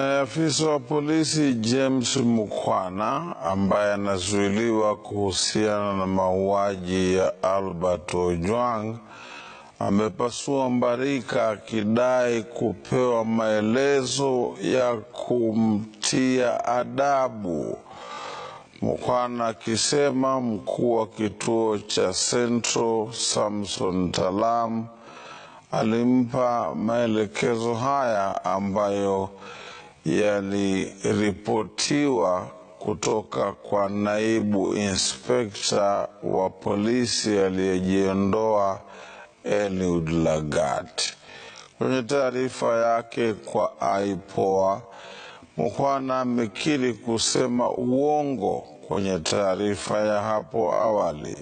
Eh, afisa wa polisi James Mukwana ambaye anazuiliwa kuhusiana na mauaji ya Albert Ojwang amepasua mbarika akidai kupewa maelezo ya kumtia adabu. Mukwana akisema mkuu wa kituo cha Central Samson Talam alimpa maelekezo haya ambayo yaliripotiwa kutoka kwa naibu inspekta wa polisi aliyejiondoa Eliud Lagat. Kwenye taarifa yake kwa IPOA, Mukhwana amekiri kusema uongo kwenye taarifa ya hapo awali.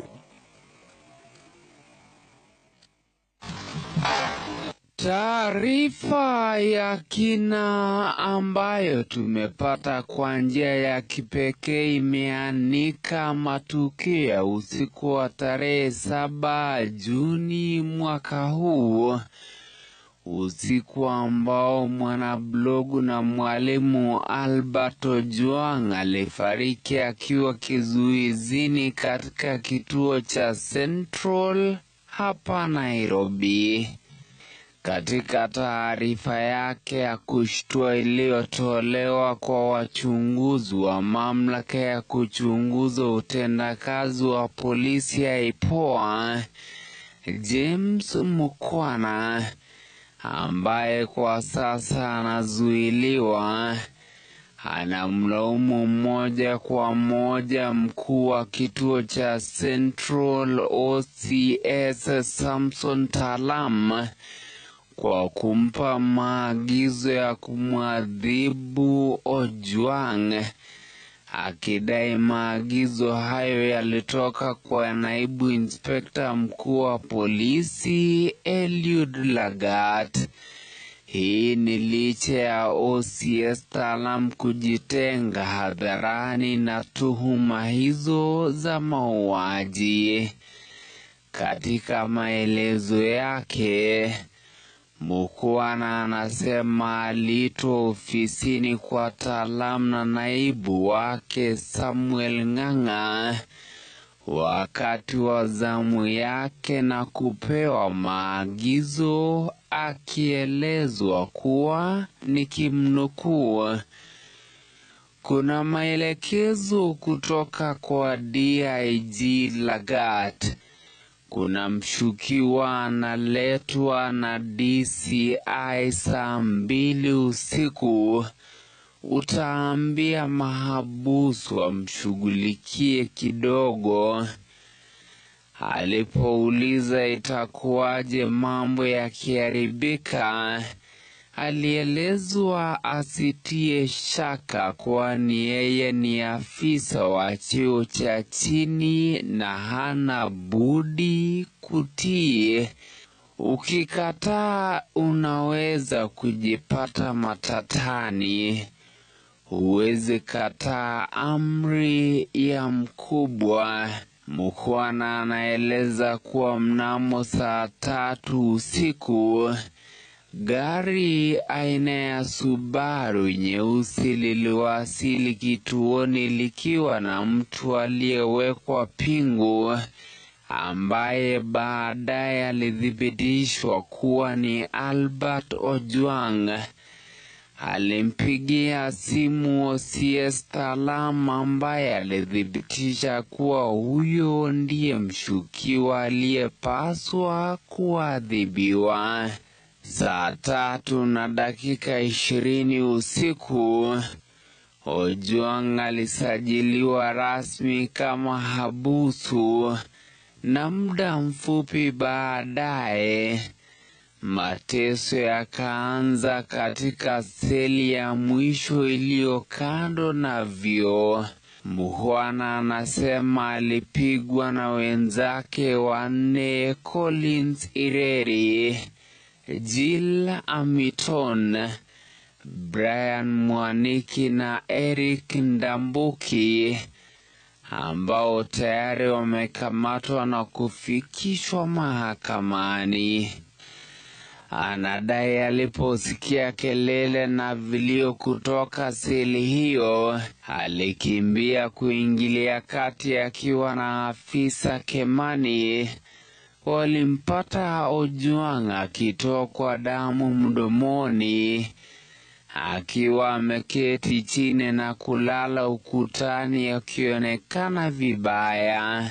Taarifa ya kina ambayo tumepata kwa njia ya kipekee imeanika matukio ya usiku wa tarehe saba Juni mwaka huu, usiku ambao mwanablogu na mwalimu Albert Ojwang alifariki akiwa kizuizini katika kituo cha Central hapa Nairobi. Katika taarifa yake ya kushtua iliyotolewa kwa wachunguzi wa mamlaka ya kuchunguza utendakazi wa polisi ya IPOA, James Mukwana ambaye kwa sasa anazuiliwa, anamlaumu moja kwa moja mkuu wa kituo cha Central OCS Samson Talam kwa kumpa maagizo ya kumwadhibu Ojwang, akidai maagizo hayo yalitoka kwa naibu inspekta mkuu wa polisi Eliud Lagat. Hii ni licha ya OCS Talam kujitenga hadharani na tuhuma hizo za mauaji. Katika maelezo yake Mukwana anasema aliitwa ofisini kwa wataalamu na naibu wake Samuel Ng'ang'a wakati wa zamu yake na kupewa maagizo akielezwa kuwa nikimnukuu, kuna maelekezo kutoka kwa DIG Lagat kuna mshukiwa analetwa na DCI saa mbili usiku, utaambia mahabusu wamshughulikie kidogo. Alipouliza itakuwaje mambo yakiharibika, alielezwa asitie shaka kwani yeye ni afisa wa cheo cha chini na hana budi kutii. Ukikataa unaweza kujipata matatani. Huwezi kataa amri ya mkubwa. Mukwana anaeleza kuwa mnamo saa tatu usiku Gari aina ya Subaru nyeusi liliwasili kituoni likiwa na mtu aliyewekwa pingu ambaye baadaye alithibitishwa kuwa ni Albert Ojwang. Alimpigia simu OCS Talam ambaye alithibitisha kuwa huyo ndiye mshukiwa aliyepaswa kuadhibiwa saa tatu na dakika ishirini usiku Ojwang alisajiliwa rasmi kama habusu na muda mfupi baadaye mateso yakaanza katika seli ya mwisho iliyo kando na vyoo. Muhwana anasema alipigwa na wenzake wanne Collins Ireri Jill Amiton, Brian Mwaniki na Eric Ndambuki ambao tayari wamekamatwa na kufikishwa mahakamani. Anadai aliposikia kelele na vilio kutoka seli hiyo, alikimbia kuingilia kati akiwa na afisa Kemani Walimpata Ojwang akitokwa damu mdomoni akiwa ameketi chini na kulala ukutani akionekana vibaya.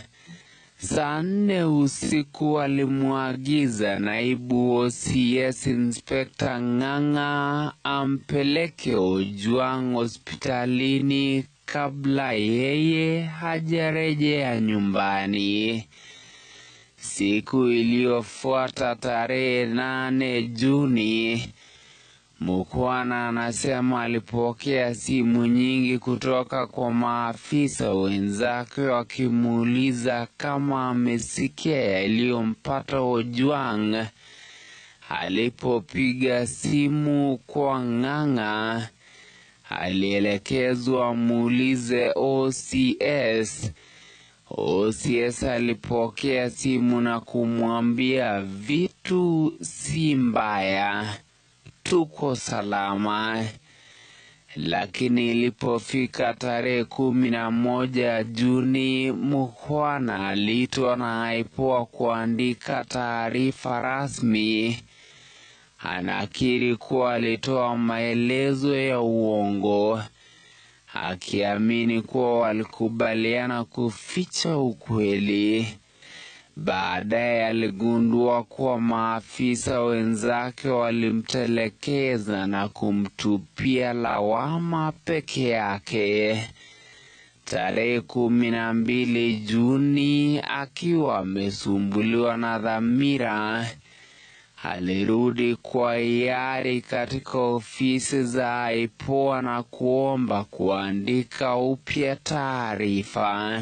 Saa nne usiku alimwagiza naibu OCS Inspekta Ng'ang'a ampeleke Ojwang hospitalini kabla yeye hajarejea nyumbani. Siku iliyofuata tarehe nane Juni, Mukwana anasema alipokea simu nyingi kutoka kwa maafisa wenzake wakimuuliza kama amesikia yaliyompata Ojwang alipopiga simu kwa Ng'ang'a alielekezwa muulize OCS Osiesa alipokea simu na kumwambia vitu si mbaya, tuko salama. Lakini ilipofika tarehe kumi na moja Juni, Mukhwana aliitwa na aipoa kuandika taarifa rasmi. Anakiri kuwa alitoa maelezo ya uongo akiamini kuwa walikubaliana kuficha ukweli. Baadaye aligundua kuwa maafisa wenzake walimtelekeza na kumtupia lawama peke yake. Tarehe kumi na mbili Juni, akiwa amesumbuliwa na dhamira alirudi kwa hiari katika ofisi za IPOA na kuomba kuandika upya taarifa.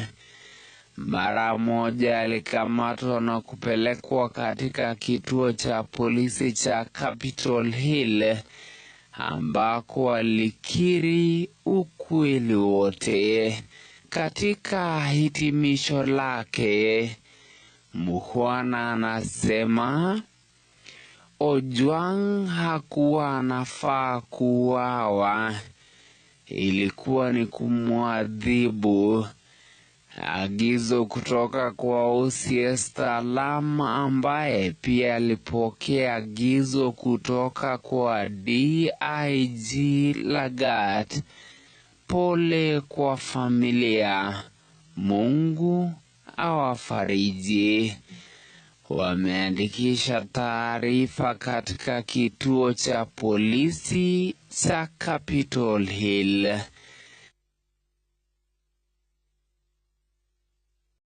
Mara moja alikamatwa na kupelekwa katika kituo cha polisi cha Capitol Hill ambako alikiri ukweli wote. Katika hitimisho lake, Mukhwana anasema Ojwang hakuwa anafaa kuwawa, ilikuwa ni kumwadhibu. Agizo kutoka kwa Osies Thalam ambaye pia alipokea agizo kutoka kwa DIG Lagat. Pole kwa familia. Mungu awafariji wameandikisha taarifa katika kituo cha polisi cha Capitol Hill.